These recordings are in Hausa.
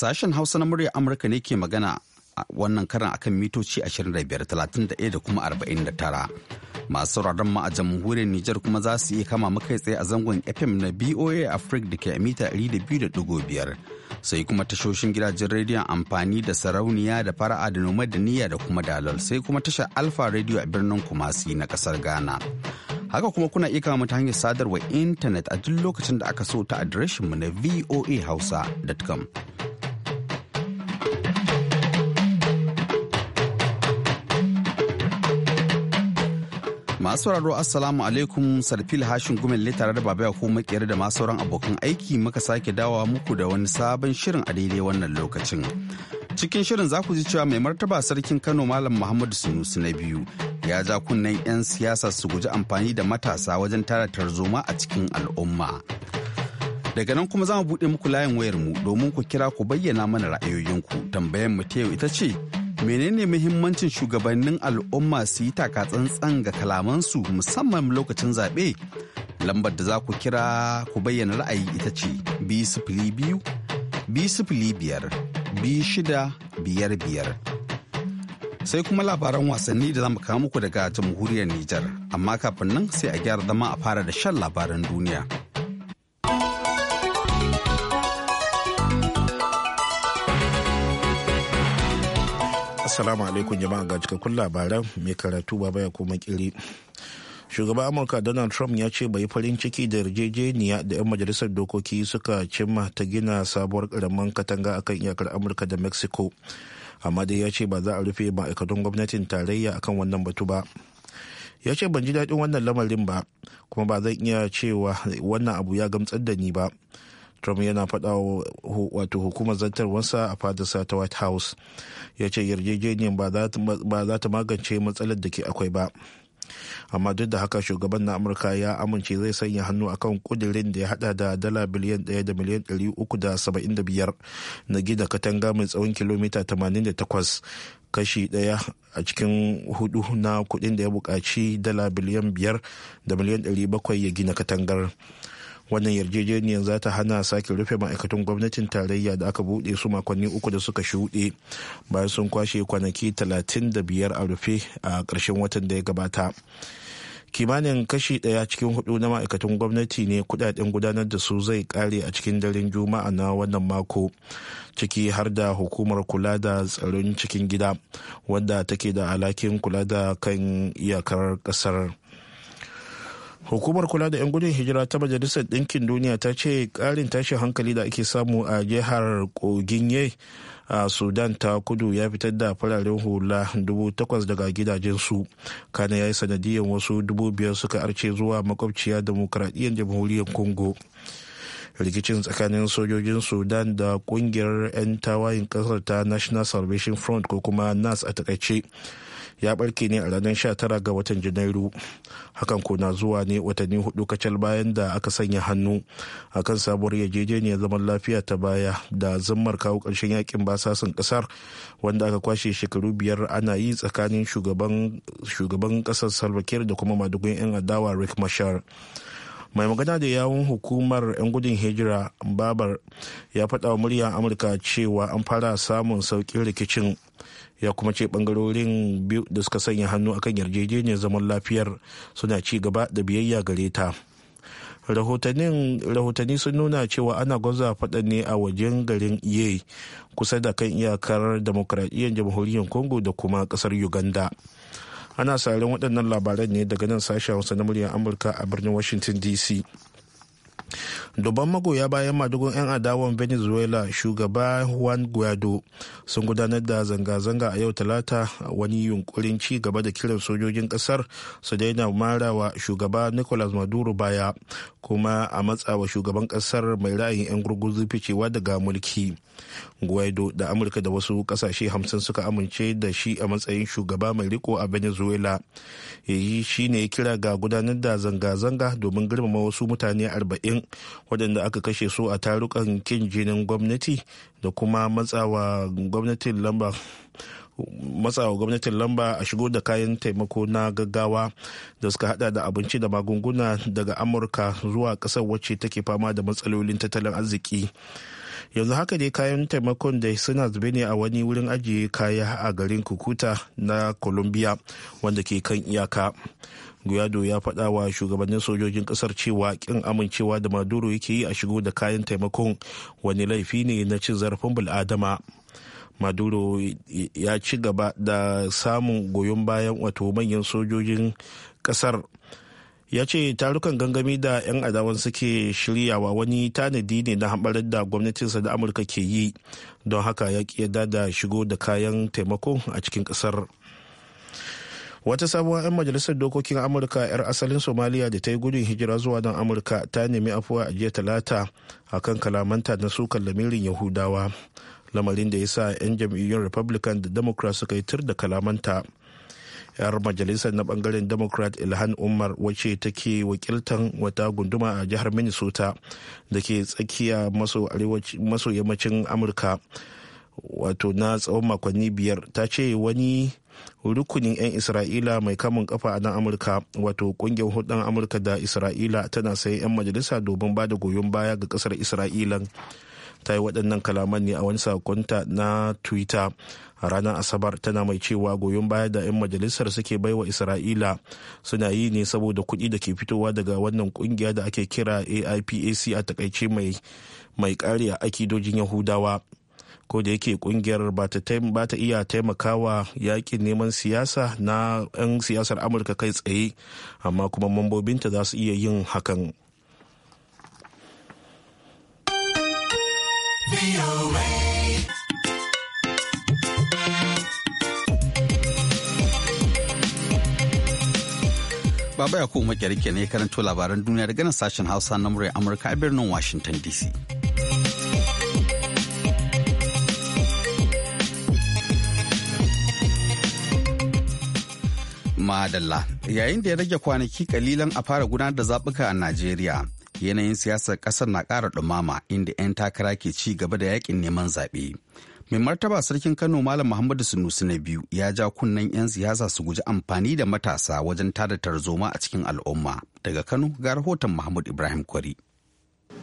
Sashen Hausa na murya Amurka ne ke magana wannan karan akan mitoci 25,31 da kuma 49. Masu sauraron ma a jamhuriyar Nijar kuma za su iya kama makai tsaye a zangon FM na BOA Africa da ke mita 200.5. Sai kuma tashoshin gidajen rediyon amfani da sarauniya da fara'a da noma da niyya da kuma dalol sai kuma tashar Alfa Radio a birnin Kumasi na kasar Ghana. haka kuma kuna iya kama ta hanyar sadarwa intanet a duk lokacin da aka so ta adireshinmu na voa hausa.com Masu sauraro Assalamu alaikum Sarfil Hashin Gumel ne tare da Baba ko makiyar da masu sauran abokan aiki muka sake dawa muku da wani sabon shirin a daidai wannan lokacin. Cikin shirin za ku ji cewa mai martaba sarkin Kano Malam Muhammadu Sunusi na biyu ya ja kunnen 'yan siyasa su guji amfani da matasa wajen tara tarzoma a cikin al'umma. Daga nan kuma za mu buɗe muku layin wayar mu domin ku kira ku bayyana mana ra'ayoyinku. Tambayar mu ta yau ita ce menene muhimmancin shugabannin al'umma su yi takatsantsan ga kalamansu musamman lokacin zaɓe lambar da za ku kira ku bayyana ra'ayi ita ce b biyu b biyar b shida biyar biyar sai kuma labaran wasanni da za mu kawo muku daga jamhuriyar nijar amma kafin nan sai a gyara zama a fara da shan labaran duniya. Assalamu alaikum jama'a ga cikakkun labaran mai karatu baba ya kuma kiri. Shugaban Amurka Donald Trump ya ce bai farin ciki da yarjejeniya da 'yan majalisar dokoki suka cimma ta gina sabuwar karamin katanga akan iyakar Amurka da Mexico. Amma dai ya ce ba za a rufe ma'aikatan gwamnatin tarayya akan wannan batu ba. ya ce ban ji daɗin wannan lamarin ba kuma ba zan iya cewa wannan abu ya gamtsar da ni ba trump yana faɗa wato hukumar zartarwarsa a fadarsa ta white house ya ce yarjejeniyar ba za ta magance matsalar da ke akwai ba amma duk da haka shugaban na amurka ya amince zai sanya hannu akan kudirin da ya hada da dala biliyan ɗaya da miliyan dari uku da saba'in da biyar na gida katanga mai tsawon kilomita tamanin da takwas kashi daya a cikin hudu na kudin da ya bukaci dala biliyan biyar da miliyan dari bakwai ya gina katangar wannan yarjejeniyar za ta hana sake rufe ma'aikatan gwamnatin tarayya da aka buɗe su makonni uku da suka shuɗe bayan sun kwashe kwanaki talatin da biyar a rufe a ƙarshen watan da ya gabata kimanin kashi ɗaya cikin hudu na ma'aikatan gwamnati ne kudaden gudanar da su zai kare a cikin daren juma'a na wannan mako ciki har da hukumar kula da tsaron cikin gida wadda take da alhakin kula da kan iyakar ƙasar hukumar kula da 'yan gudun hijira ta majalisar ɗinkin duniya ta ce ƙarin tashin hankali da ake samu a jihar koginye a sudan ta kudu ya fitar da fararen hula 8,000 daga gidajensu kana ya yi sanadiyar wasu 5,000 suka arce zuwa makwabciya demokradiyyar jamhuriyar congo rikicin tsakanin sojojin sudan da kungiyar 'yan tawayin kasar ta national salvation front ko kuma nas a takaice ya barke ne a ranar 19 ga watan janairu hakan ko na zuwa ne watanni hudu kacal bayan da aka sanya hannu a kan sabuwar yarjejeniyar zaman lafiya ta baya da zammar kawo ƙarshen yakin basasin ƙasar wanda aka kwashe shekaru biyar ana yi tsakanin shugaban ƙasar salvakir da kuma madugun 'yan adawa rick mashar mai magana da yawun hukumar 'yan gudun hijira babar ya faɗa wa muryar amurka cewa an fara samun saukin rikicin ya kuma ce bangarorin biyu da suka sanya hannu akan yarjejeniyar zaman lafiyar suna ci gaba da biyayya gare ta rahotanni sun nuna cewa ana gwaza faɗa ne a wajen garin iye kusa da kan iyakar demokradiyyar jamhuriyar congo da kuma ƙasar uganda ana sauraron waɗannan labaran ne daga nan sashen hausa na muryar amurka a birnin washington dc dubban magoya bayan madugun 'yan adawan venezuela shugaba juan guaido sun gudanar da zanga-zanga a yau talata wani yunkurin ci gaba da kiran sojojin kasar su daina marawa shugaba nicolas maduro baya kuma a matsawa shugaban kasar mai ra'ayin 'yan gurguzu ficewa daga mulki guaido da amurka da wasu kasashe hamsin suka amince da shi a matsayin shugaba mai riko a venezuela yayi shi ne kira ga gudanar da zanga-zanga domin girmama wasu mutane 40 waɗanda aka kashe su a tarukan kin jinin gwamnati da kuma matsawa gwamnatin lambar matsawa gwamnatin lamba a shigo da kayan taimako na gaggawa da suka hada da abinci da magunguna daga amurka zuwa kasar wacce take fama da matsalolin tattalin arziki yanzu haka dai kayan taimakon da suna zube ne a wani wurin ajiye kaya a garin kukuta na colombia wanda ke kan iyaka guyado ya faɗa wa shugabannin sojojin ƙasar cewa ƙin amincewa da maduro yake yi a shigo da kayan taimakon wani laifi ne na cin zarafin bil'adama. maduro ya ci gaba da samun goyon bayan wato manyan sojojin kasar ya ce tarukan gangami da 'yan adawan suke shiryawa wani tanadi ne na hambarar da gwamnatinsa da amurka ke yi don haka ya yarda da shigo da kayan taimako a cikin kasar wata sabuwar 'yan majalisar dokokin amurka 'yar asalin somaliya da ta yi gudun hijira zuwa don amurka ta nemi afuwa a jiya talata akan kalamanta na sukan lamirin yahudawa lamarin da ya sa 'yan jam'iyyun republican da democrat suka yi tur da kalamanta yar majalisar na bangaren democrat ilhan umar wacce take wakiltan wata gunduma a jihar minnesota da ke tsakiya maso yammacin amurka wato na tsawon makonni biyar ta ce wani rukunin 'yan isra'ila mai kamun kafa a nan amurka wato kungiyar hudun amurka da isra'ila tana sayan 'yan majalisa domin ba da goyon baya ga kasar isra'ilan ta yi waɗannan kalaman ne a wani sakonta na twitter a ranar asabar tana mai cewa goyon baya da 'yan majalisar suke baiwa isra'ila suna yi ne saboda kuɗi da ke fitowa daga wannan kungiya da ake kira aipac a takaice mai mai kare a akidojin yahudawa ko da yake kungiyar ba ta iya taimakawa yakin neman siyasa na 'yan siyasar amurka kai tsaye amma kuma mambobinta za su iya yin hakan. Baba Yakubu Makirike ne karanto labaran duniya daga nan sashen Hausa na murya Amurka a birnin Washington DC. Madalla, yayin da ya rage kwanaki kalilan a fara gudanar da zaɓuka a Najeriya. yanayin siyasar kasar na ƙara ɗumama inda 'yan takara ke ci gaba da yakin neman zaɓe mai martaba sarkin kano malam muhammadu sunusu na biyu ya ja kunnen 'yan siyasa su guji amfani da matasa wajen tada tarzoma a cikin al'umma daga kano ga rahoton muhammadu ibrahim kwari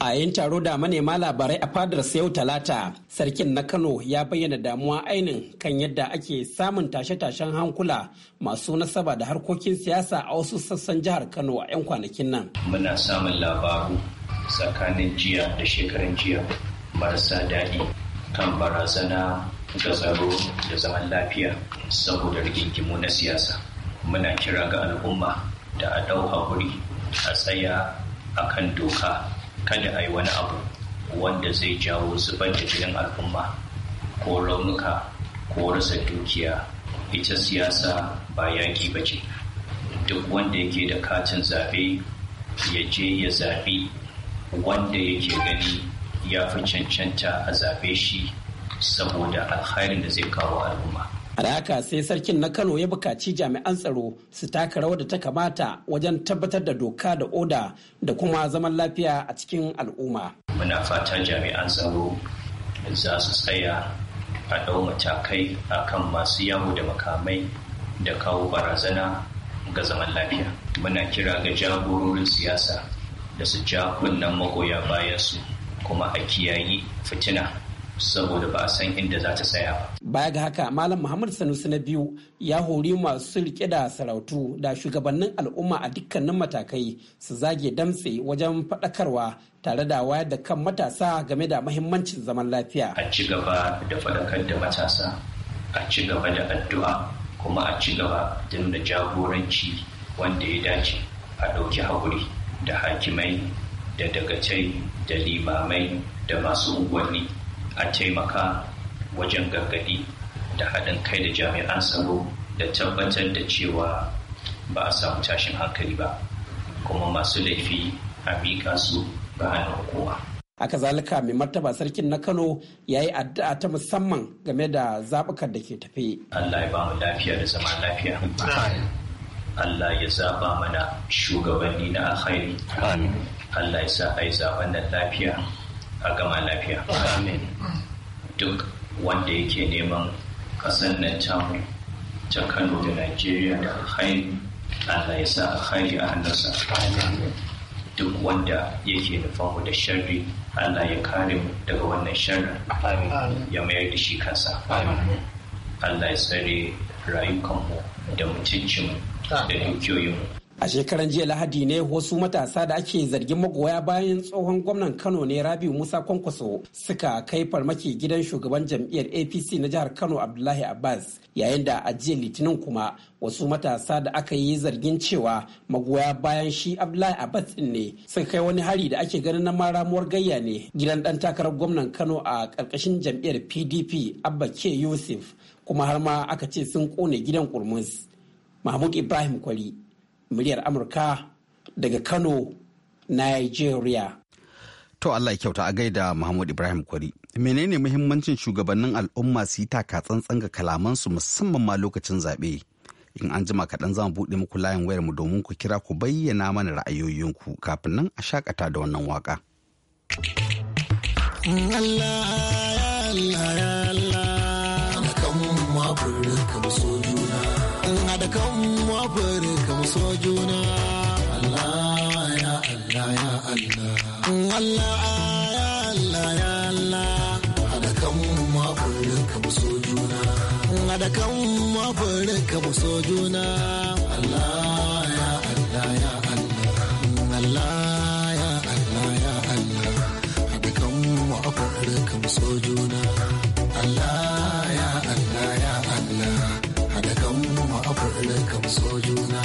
a yayin taro da manema labarai a fadar sayau talata sarkin na kano ya bayyana damuwa ainin kan yadda ake samun tashe-tashen hankula masu nasaba da harkokin siyasa a wasu sassan jihar kano a 'yan kwanakin nan muna samun labaru tsakanin jiya da shekaran jiya marasa daɗi kan barazana ga tsaro da zaman lafiya saboda rigingimu na siyasa muna kira ga al'umma da a wuri a tsaya akan doka kada a yi wani abu wanda zai jawo zubar da jinin al'umma ko raunuka ko rasa dukiya ita siyasa ba yaƙi ba ce duk wanda yake da katin zaɓe ya je ya zaɓi wanda yake gani ya fi cancanta a zaɓe shi saboda alkhairin da zai kawo al'umma a haka sai sarkin na kano ya bukaci jami'an tsaro su taka rawar da ta kamata wajen tabbatar da doka da oda da kuma zaman lafiya a cikin al'umma muna fata jami'an tsaro za su tsaya a ɗau matakai a kan masu yawo da makamai da kawo barazana ga zaman lafiya muna kira ga jagororin siyasa da su ja kunnen magoya bayansu kuma a kiyayi fitina saboda ba a san inda za ta saya ba. Baya ga haka Malam Muhammad Sanusi na biyu ya hori masu rike da sarautu da shugabannin al'umma a dukkanin matakai su zage damtse wajen faɗakarwa tare da wayar da kan matasa game da mahimmancin zaman lafiya. A ci gaba da faɗakar da matasa, a ci gaba da addu'a kuma a ci gaba da nuna jagoranci wanda ya dace a ɗauki haƙuri da hakimai da dagacai da limamai da masu unguwanni a taimaka wajen gargadi da haɗin kai da jami'an tsaro da tabbatar da cewa ba a samu tashin hankali ba kuma masu laifi a miƙa su ga hannun hukuma. Haka zalika mai martaba sarkin na Kano ya yi addu'a ta musamman game da zaɓukan da ke tafe. Allah ya ba mu lafiya da zama lafiya. Allah ya zaɓa mana shugabanni na alkhairi. Allah ya sa a yi zaɓen lafiya. a gama lafiya amin duk wanda yake neman ƙasar nan tamu ta kano da najeriya da alhaini allah ya sa alhaini a hannunsa duk wanda yake da fahu da sharri allah ya kare mu daga wannan Amin. ya mayar da shi kansa allah ya tsare rayukanmu da mutuncinmu da dukiyoyinmu A shekaran jiya Lahadi ne wasu matasa da ake zargin magoya bayan tsohon gwamnan Kano ne Rabiu Musa Kwankwaso suka kai farmaki gidan shugaban jam'iyyar APC na jihar Kano Abdullahi Abbas yayin da a jiya Litinin kuma wasu matasa da aka yi zargin cewa magoya bayan shi Abdullahi Abbas din ne suka kai wani hari da ake ganin na maramuwar gayya ne gidan dan takarar gwamnan Kano a ƙarƙashin jam'iyyar PDP Abba Ke Yusuf kuma har ma aka ce sun kone gidan kurmus. Mahmud Ibrahim Kwari muryar Amurka daga Kano, Nigeria. To Allah ya kyauta a gaida Muhammad Ibrahim Kwari. Menene muhimmancin shugabannin al'umma su yi taka tsantsan ga kalamansu musamman ma lokacin zaɓe? In an jima kaɗan za mu buɗe muku layin wayar mu domin ku kira ku bayyana mana ra'ayoyinku kafin nan a shakata da wannan waka. Allah Allah Allah Allah da kan mu so juna Allah ya Allah ya Allah Allah ya Allah ya Allah da kan mu Afirka mu so juna da kan mu Afirka mu so juna Allah ya Allah ya Allah Allah ya Allah ya Allah da kan mu Afirka mu so juna Allah ya Allah ya Allah afirka kan so juna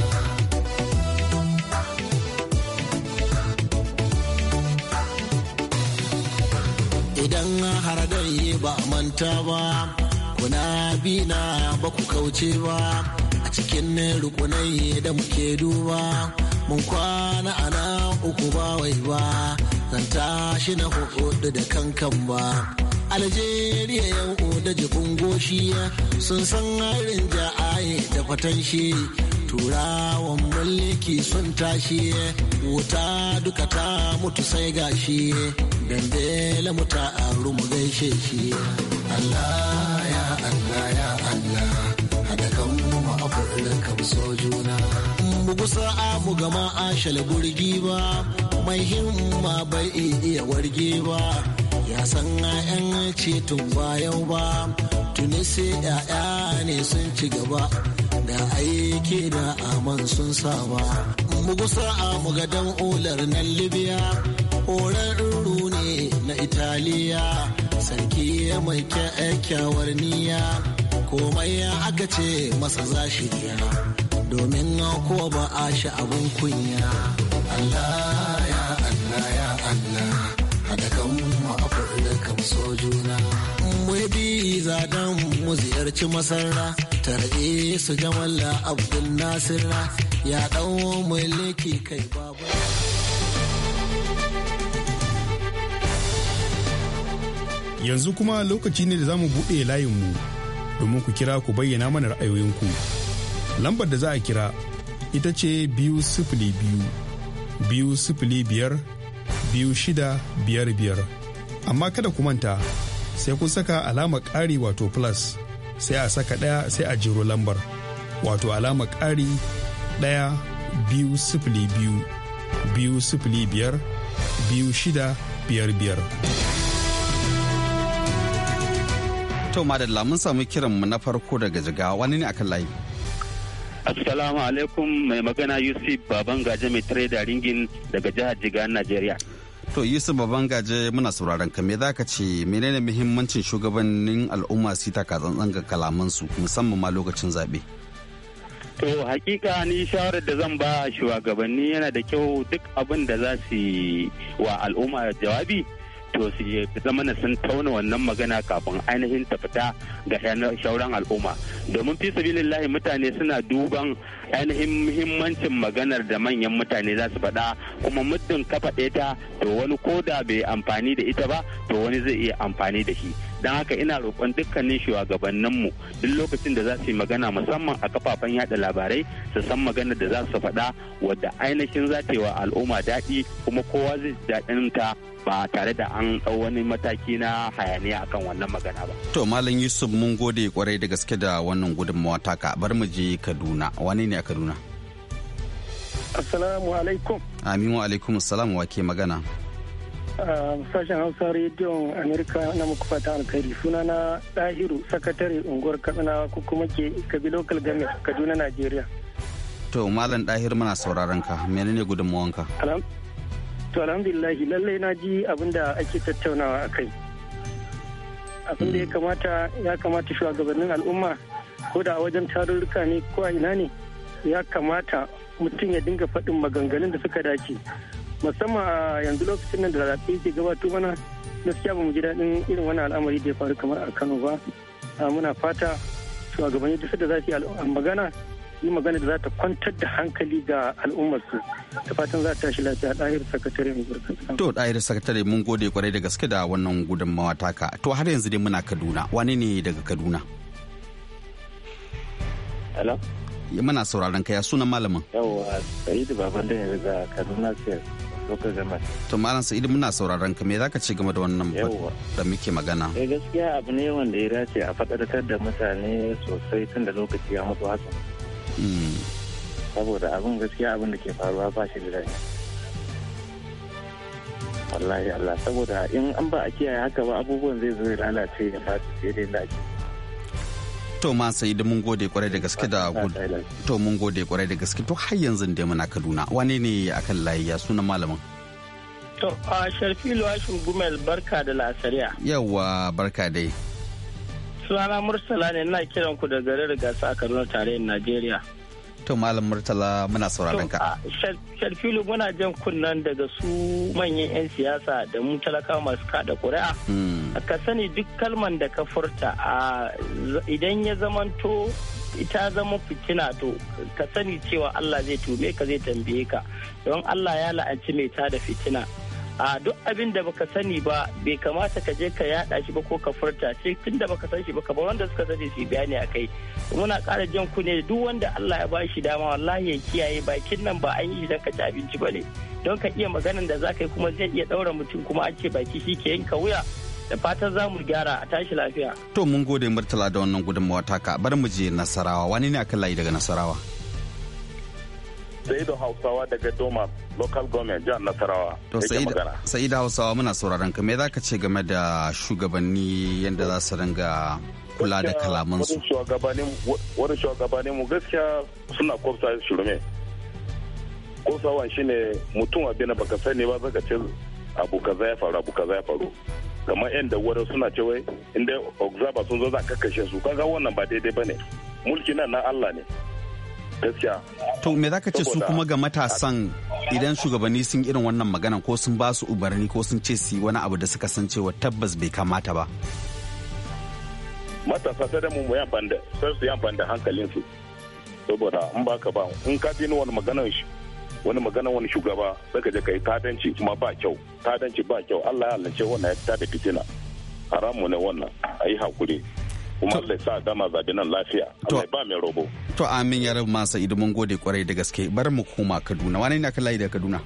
idan har dai ba manta ba kuna bina ba ku kauce ba a cikin rukunai da muke duba mun kwana ana uku ba wai ba zan tashi na hudu da kankan ba Algeria yan da jibin goshi sun san harin ja shi turawan mulki sun tashi wuta duka ta mutu sai gashi dandela mu ta aru mu gaishe shi Allah ya Allah ya Allah hada kan mu afirka mu so juna bugu sa'a mu gama ashal gurgi ba mai himma bai iya warge ba ya san 'ya'yan ce tun bayan ba tuni sai 'ya'ya ne sun ci gaba da aiki da aman sun saba mu gusa a dan olar nan libya horar ruru ne na italiya sarki ya mai kyakkyawar niyya komai ya aka ce masa za shi biya domin ko ba a shi abin kunya Allah ya Allah ya Allah haɗa daga mu a kamso juna Sadan mu ziyarci masarra ta rage su jamalla abdul nasirra ya ɗau kai babu yanzu kuma lokaci ne da za mu buɗe layinmu domin ku kira ku bayyana mana ra'ayoyinku lambar da za a kira ita ce biyu sifili biyu biyu sifili biyar biyu shida biyar biyar amma kada ku manta sai kun saka alama ƙari wato plus sai a saka ɗaya sai a jiro lambar wato alama ƙari ɗaya biyu sifili biyu biyu sifili biyar biyu shida biyar biyar. To madalla mun samu kiranmu na farko daga jiga wani ne akan layi. Assalamu alaikum mai magana Yusuf Baban Gaje mai tare da ringin daga jihar Jiga Najeriya. To Yusuf gaje muna sauraron ka me za ka ce menene muhimmancin shugabannin al'umma su taka tsantsan ga kalamansu musamman ma lokacin zaɓe. To hakika ni shawarar da zan ba shugabanni yana da kyau duk abin da za su wa al'umma jawabi to su zama na sun tauna wannan magana kafin ainihin ta fita ga shauran al'umma domin fi sabilillahi mutane suna duban ainihin muhimmancin maganar da manyan mutane za su faɗa kuma muddin ka faɗe ta to wani koda bai amfani da ita ba to wani zai iya amfani da shi don haka ina roƙon dukkanin shugabanninmu duk lokacin da za su yi magana musamman a kafafen yaɗa labarai su san magana da za su faɗa wadda ainihin za ta yi wa al'umma daɗi kuma kowa zai ji daɗin ta ba tare da an ɗau wani mataki na hayaniya akan wannan magana ba. To Malam Yusuf mun gode kwarai da gaske da wannan gudunmawa taka bar mu je Kaduna wani ne a Kaduna? Assalamu alaikum. Amin wa alaikum wa ke magana. Um, sashen hausa rediyon amerika na muku fata alkhairi suna na ɗahiru sakatare unguwar katsina ko kuma ke kabi local government kaduna nigeria to malam ɗahiru muna sauraron ka menene ka to alhamdulillahi lallai na ji abin da ake tattaunawa a kai abin da ya mm. kamata ya kamata shugabannin al'umma ko da wajen tarurruka ne ko a ina ne ya kamata mutum ya dinga faɗin maganganun da suka dace musamman a yanzu lokacin nan da zaɓe ke gabato mana gaskiya ba mu ji daɗin irin wani al'amari da ya faru kamar a kano ba muna fata gabanin duk da za su yi magana yi magana da za ta kwantar da hankali ga al'ummarsu da fatan za ta tashi lafiya ɗahir sakatare mu to ɗahir sakatare mun gode kwarai da gaske da wannan gudunmawa taka to har yanzu dai muna kaduna wani ne daga kaduna muna sauraron ka ya suna malamin yawwa sa'idu baban da ya riga kaduna state local government to malam sa'idu muna sauraron ka me zaka ce game da wannan da muke magana eh gaskiya abu ne wanda ya dace a fadarkar da mutane sosai tun da lokaci ya mutu haka hmm. saboda abin gaskiya abin da ke faruwa ba shi da daɗi wallahi Allah saboda in an ba a kiyaye haka ba abubuwan zai zo ya lalace ya fata sai dai da ake to ma sai da mun gode kwarai da gaske da to mun gode kwarai da gaske to har yanzu da muna Kaduna wane ne akan layiya sunan malamin to a Sharfilu Hashim Gumel barka da lasariya yawa barka dai sunana mursala ne ina kiran ku da garin Rigasa a Kaduna tarayyar Najeriya to malam murtala muna sauraron ka sharfilu muna jan kunnan daga su manyan 'yan siyasa da mu talaka masu kada ƙuri'a hmm. ka sani duk kalman da ka furta idan ya zamanto ita zama fitina to ka sani cewa Allah zai tume ka zai tambaye ka don Allah ya la'anci mai da fitina a duk abin da baka sani ba bai kamata ka je ka yada shi ba ko ka furta sai tun da baka san shi ba kamar wanda suka sani su bayani a kai muna ƙara jan ne duk wanda Allah ya bashi dama wallahi ya kiyaye bakin nan ba an yi dan ka ci abinci ba ne don ka iya maganan da zaka yi kuma zai iya daura mutum kuma an ce baki shi ke yanka wuya da fatan za mu gyara a tashi lafiya. To mun gode Murtala da wannan gudunmawa taka bar mu je Nasarawa wani ne akan layi daga Nasarawa? Sa'idu Hausawa daga Doma local government jihar Nasarawa. To Sa'idu Hausawa muna sauraron ka me za ka ce game da shugabanni yadda za su ringa kula da kalamansu. Wani shugabanni mu gaskiya suna kwafta shirme. Kwaftawan shi ne mutum abin da baka sani ba zaka ce abu kaza ya faru abu kaza ya faru. kamar yan da wurin suna ce wai inda observer sun zo za ka kashe su kaga wannan ba daidai ba ne mulki nan na Allah ne gaskiya to me zaka ce su kuma ga matasan idan shugabanni sun irin wannan magana ko sun ba su umarni ko sun ce su wani abu da suka san cewa tabbas bai kamata ba matasa sai da mu mu amfani da sai su yan banda hankalin su saboda in ba ka ba in ka ji wani magana wani magana wani shugaba sai ka je ka yi tadanci kuma ba kyau tadanci ba kyau Allah ya halalce wannan ya tada fitina haramu ne wannan a yi hakuri kuma Allah ya sa gama zabe nan lafiya Allah ba mai robo to amin ya rabu masa idan mun gode kwarai da gaske bar mu koma Kaduna wani ne ka layi da Kaduna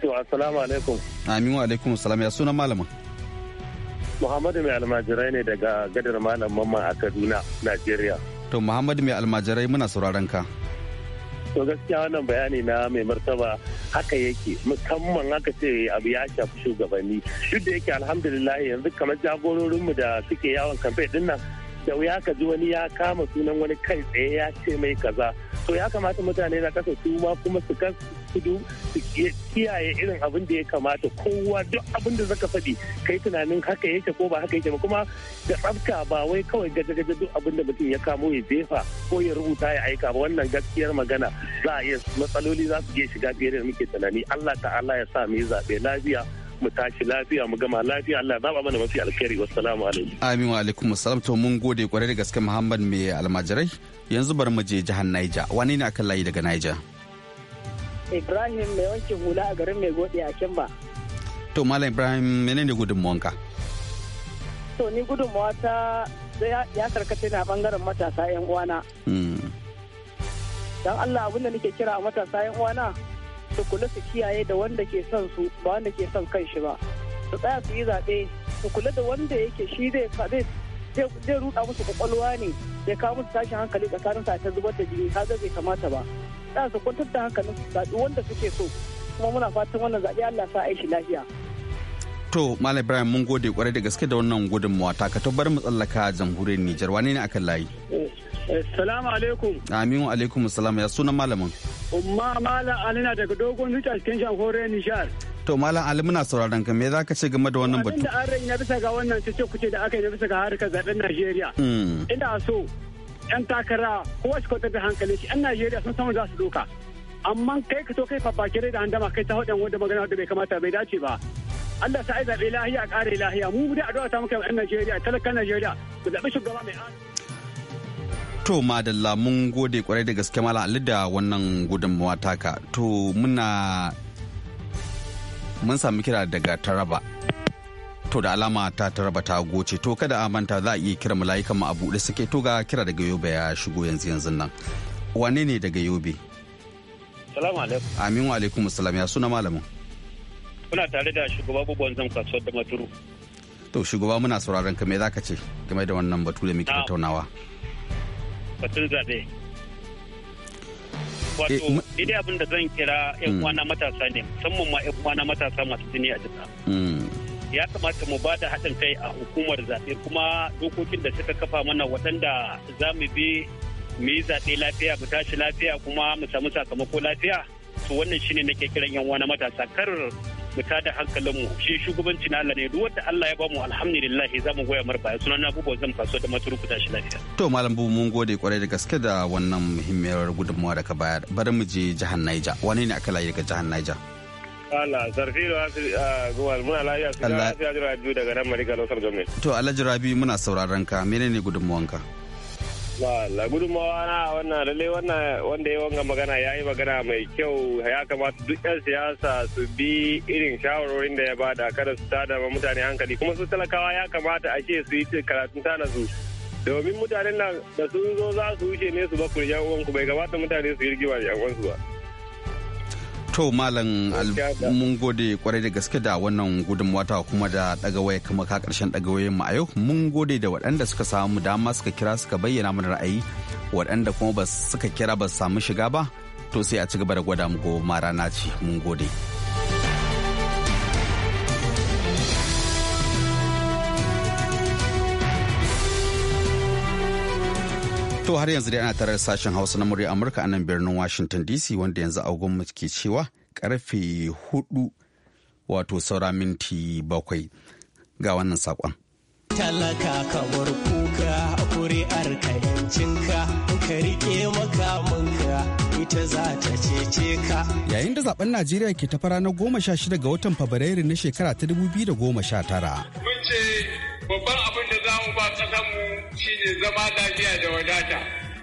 to assalamu alaikum amin wa alaikum assalam ya sunan malama Muhammadu mai almajirai ne daga gadar malam mamman a Kaduna Najeriya to Muhammadu mai almajirai muna sauraron ka to gaskiya wannan bayani na mai martaba haka yake musamman haka ce abu ya shafi shugabanni duk da yake alhamdulillah yanzu kamar jagororin mu da suke yawon kamfe ɗinnan da wuya ka ji wani ya kama sunan wani kai tsaye ya ce mai kaza to ya kamata mutane na kasa su ma kuma su kan su kiyaye irin abin da ya kamata kowa duk abin da zaka faɗi kai tunanin haka yake ko ba haka yake ba kuma da tsafta ba wai kawai gaje-gaje duk abin da mutum ya kamo ya jefa ko ya rubuta ya aika ba wannan gaskiyar magana za a iya matsaloli za su iya shiga fiye da muke tunani Allah ta'ala ya sa mu yi zaɓe lafiya mu tashi lafiya mu gama lafiya Allah ya zaba mana mafi alkhairi wassalamu alaikum amin wa alaikum assalam to mun gode kwarai da gaske Muhammad mai almajirai yanzu bari mu je jihar Niger wani ne akan layi daga Niger Ibrahim mai wanke hula a garin mai gode a Kimba to Malam Ibrahim menene gudunmuwanka to ni gudunmuwa ta ya karkace na bangaren matasa yan uwana hmm. don Allah abinda nake kira a matasa yan uwana su kula su kiyaye da wanda ke son su ba wanda ke son kan shi ba su tsaya su yi zaɓe su kula da wanda yake shi zai zai ruɗa musu kwakwalwa ne zai kawo musu tashin hankali tsakanin sa ta zubar da jini ka zai kamata ba tsaya su kwantar da hankalin su zaɓi wanda suke so kuma muna fatan wannan zaɓe Allah sa aishi lafiya. To Malam Ibrahim mun gode kwarai da gaske da wannan gudunmawa ta ka tabbar mu tsallaka jamhuriyar Nijar wane ne akan layi? Eh, Salamu alaikum. Amin wa alaikum salam ya sunan malamin. Umma malam Alina daga dogon zuciya cikin shafore Nishar. To malam Ali muna sauraron ka me za ka ce game da wannan batu? Wannan da an rai na bisa ga wannan ce kuce da aka yi na bisa ga harkar zaben Najeriya. Hmm. Ina so yan takara ko wasu kwatar da hankali shi yan Najeriya sun samu za su doka. Amma kai ka so kai fafakire da handama kai ta haɗin wanda magana wanda bai kamata bai dace ba. Allah sa ai zaɓe lahiya ƙare lahiya mu da addu'a ta muka yan Najeriya talakan Najeriya ku zaɓi shugaba mai adalci. To madalla mun gode kwarai da gaske mala da wannan gudunmawa taka. To muna mun sami kira daga Taraba. To da alama ta Taraba ta goce. To kada a manta za a iya kira mala'ikan mu a buɗe suke to ga kira daga Yobe ya shigo yanzu yanzu nan. Wane ne daga Yobe? Salamu alaikum. Amin wa alaikum salam ya suna malamin. Kuna tare da shugaba Gugwan zan kasuwar da Maturu. To shugaba muna sauraron ka me zaka ce game da wannan batu da muke tattaunawa. batun zaɓe. Wato, eh, idai abin da zan kira 'yan mm. uwana matasa ne, musamman ma 'yan uwana matasa masu jini a jika. Mm. Ya kamata mu ba da haɗin kai a hukumar zaɓe kuma dokokin da suka kafa mana waɗanda za mu bi mu yi zaɓe lafiya mu tashi lafiya kuma mu samu sakamako lafiya. To wannan shine nake kiran 'yan uwana matasa kar mu tada hankalin mu shi shugabanci na Allah ne duk wanda Allah ya bamu alhamdulillah za mu goya mar baya sunan abubuwan zan faso da maturu ku tashi lafiya to malam bu mun gode kwarai da gaske da wannan muhimmiyar gudunmuwa da ka bayar bari mu je jihar Niger wani ne aka layi daga jihar Niger Allah zarfi da ah, gowal muna lafiya su da jira biyu daga nan marigar lausar Gwamnati to Alhaji Rabi muna sauraron ka menene gudunmuwanka la gudunmawa na wannan lalle wannan wanda ya wanga magana ya yi magana mai kyau ya kamata duk 'yan siyasa su bi irin shawarorin da ya bada kada su tada ma mutane hankali kuma su talakawa ya kamata a ce su yi karatun tana su domin mutanen nan da sun zo za su wuce ne su ba kurjan uwanku bai kamata mutane su yi rigima da uwansu ba. To Malam mun gode kwarai da gaske da wannan gudunmawa ta kuma da waya kamar ka daga wayan mu a yau mun gode da waɗanda suka samu dama suka kira suka bayyana mana ra'ayi waɗanda kuma ba suka kira ba su samu shiga ba to sai a ci gaba da gwada mu mara rana ce mun gode. To har yanzu dai ana tarar sashen Hausa na murya Amurka a nan birnin Washington DC wanda yanzu agonmu ke cewa karfe hudu wato saura minti bakwai ga wannan sakon. Talaka kamar kuka kuri'ar ka yancinka ka makamanka ita za ta cece ka. Yayin da zaben Najeriya ke tafara na goma sha shida ga watan Fabrairu na shekara ta dubu biyu da goma sha tara. Mun ce babban abin manufa kasanmu ne zama lafiya da wadata.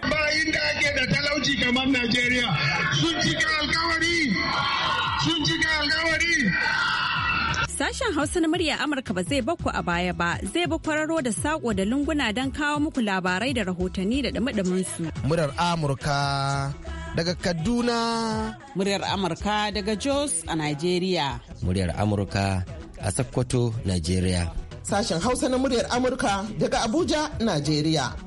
Bayin da ake da talauci kamar Najeriya sun cika alkawari sun cika alkawari. Sashen Hausa na murya Amurka ba zai bakku a baya ba zai ba kwararo da sako da lunguna don kawo muku labarai da rahotanni da dumi su. Murar Amurka daga Kaduna. Muryar Amurka daga Jos a Najeriya. Muryar Amurka a Sokoto, Najeriya. sashen Hausa na muryar Amurka daga Abuja, Najeriya.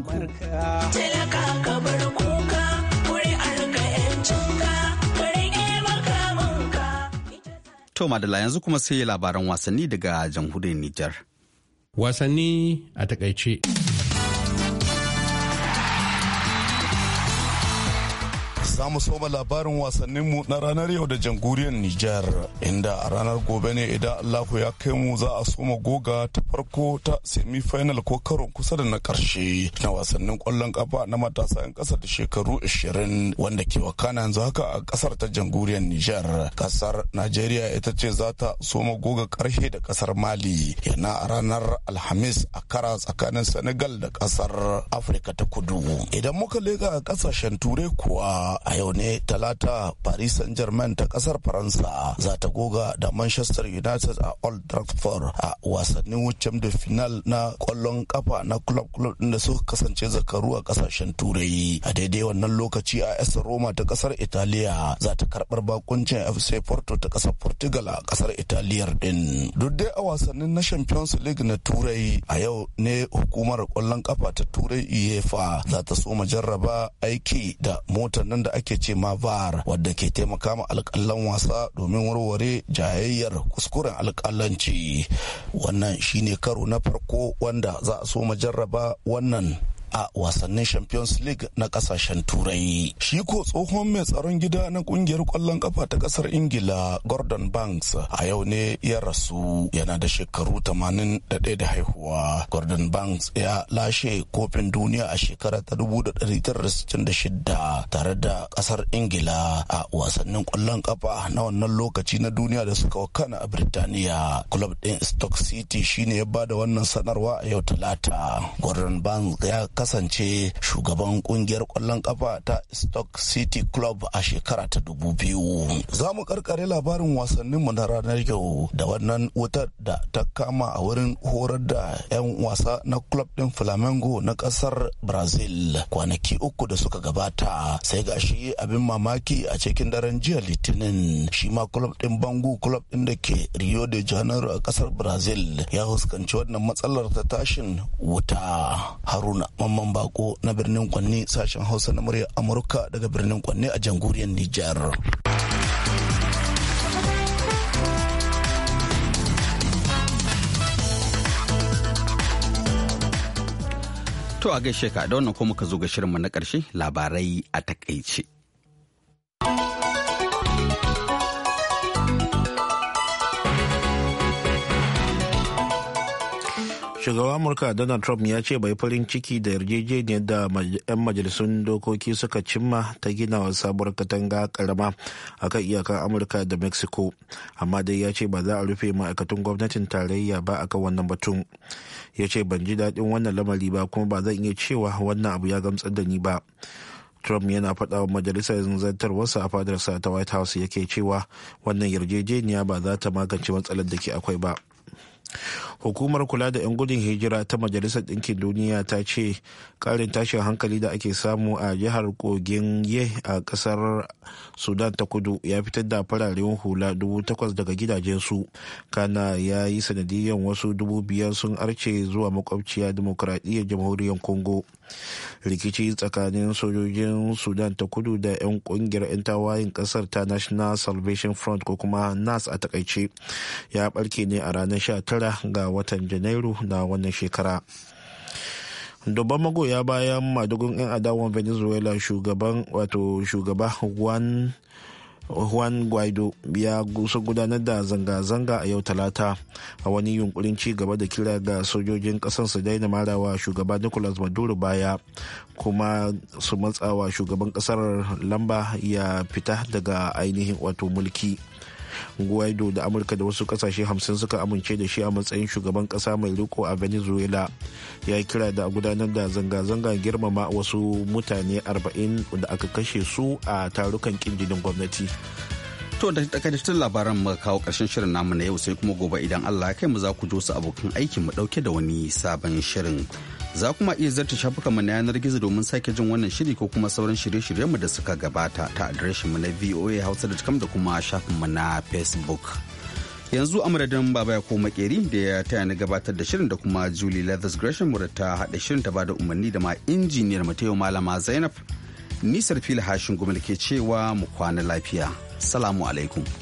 ku. Talaka ka bar kuka, kuri'ar ka 'yancinka. To Madala yanzu kuma sai labaran wasanni daga jamhuriyar Nijar. Wasanni a takaice. za mu soma labarin wasanninmu na ranar yau da jamhuriyar Nijar, inda a ranar gobe ne idan Allahu ya kai mu za a soma goga ta farko ta semifinal ko karon kusa da na karshe na wasannin kwallon kafa na matasa 'yan kasa da shekaru 20 wanda ke wakana yanzu haka a kasar ta jamhuriyar Nijar. Kasar Najeriya ita ce za ta soma goga karshe da kasar Mali yana a ranar Alhamis a kara tsakanin Senegal da kasar Afirka ta Kudu. Idan muka lega a kasashen Turai kuwa a yau ne talata paris saint germain ta kasar faransa za ta goga da manchester united a old trafford a wasannin wucin da final na kwallon kafa na club club da suka kasance zakaru a kasashen turai a daidai wannan lokaci a s roma ta kasar italiya za ta karbar bakuncin fc porto ta kasar portugal a kasar italiyar din duk dai a wasannin na champions league na turai a yau ne hukumar kwallon kafa ta turai uefa za ta so jarraba aiki da motar nan da ake ce ma var wadda ke taimaka ma alƙalan wasa domin warware jayayyar kuskuren alƙalanci wannan shine karo na farko wanda za a so jarraba wannan a wasannin champions league na kasashen turai shi ko tsohon mai tsaron gida na kungiyar kwallon kafa ta kasar ingila gordon banks a yau ne ya rasu yana da shekaru 81 da haihuwa gordon banks ya lashe kofin duniya a shekarar 1966 tare da kasar ingila a wasannin kwallon kafa na wannan lokaci na duniya da suka wakana a birtaniya club din stock city shine ya bada wannan sanarwa a yau talata gordon banks ya kasance shugaban kungiyar kwallon kafa ta stock city club a shekara ta dubu biyu za mu karkare labarin wasannin mu na ranar yau da wannan wutar da ta kama a wurin horar da 'yan wasa na club din flamengo na kasar brazil kwanaki uku da suka gabata sai gashi abin mamaki a cikin daren jiya litinin shi ma club din bangu club din da ke rio de janeiro a kasar brazil ya fuskanci wannan matsalar ta tashin wuta haruna musamman Bako na birnin Kwanne sashen Hausa na murya Amurka daga birnin Kwanne a jamhuriyar Nijar. To a gaishe ka da wannan kuma ka zo ga shirinmu na ƙarshe labarai a takaice. shugaban amurka donald trump ya ce bai farin ciki da yarjejeniyar da 'yan majalisun dokoki suka cimma ta ginawa sabuwar katanga karama a kan iyakar amurka da mexico amma dai ya ce ba za a rufe ma'aikatan gwamnatin tarayya ba a kan wannan batun ya ce ban ji daɗin wannan lamari ba kuma ba zan iya cewa wannan abu ya gamsar da ni ba Trump yana faɗa wa majalisar zartarwarsa a fadarsa ta White House yake cewa wannan yarjejeniya ba za ta magance matsalar da ke akwai ba. hukumar kula da 'yan gudun hijira ta majalisar ɗinkin duniya ta ce karin tashin hankali da ake samu a jihar kogin ye a ƙasar sudan ta kudu ya fitar da fararen hula dubu takwas daga gidajensu kana ya yi sanadiyyar wasu dubu biyar sun arce zuwa makwabciya dimokuraɗiyyar jamhuriyar congo rikici tsakanin sojojin sudan ta kudu da 'yan kungiyar 'yan tawayin kasar ta national salvation front ko kuma nas a takaice ya barke ne a ranar 19 ga watan janairu na wannan shekara dubban magoya bayan madugun 'yan adawan venezuela shugaban wato shugaba juan juan guaido ya gusa gudanar da zanga-zanga a yau talata a wani yunkurin ci gaba da kira ga sojojin kasan su daina marawa shugaba nicolas maduro baya kuma su matsawa shugaban kasar lamba ya fita daga ainihin wato mulki guaido da amurka da wasu kasashe 50 suka amince da shi a matsayin shugaban kasa mai riko a venezuela ya yi kira da gudanar da zanga-zanga girmama wasu mutane 40 da aka kashe su a tarukan ƙinjinin gwamnati To da takaitattun labaran mu kawo karshen shirin namu na yau sai kuma gobe idan Allah ya kai mu za ku ji wasu abokan aikin mu dauke da wani sabon shirin. za kuma iya zarta shafukanmu na yanar gizo domin sake jin wannan shiri ko kuma sauran shirye-shiryenmu da suka gabata ta mu na voa hausa da kuma shafinmu na facebook yanzu amuradin baba ya koma Keri da ya taya ni gabatar da shirin da kuma julie leathers gresham wadda ta haɗa shirin ta bada umarni da ma injiniyar mu ta yau malama zainab nisar fili hashin gumal ke cewa mu kwana lafiya salamu alaikum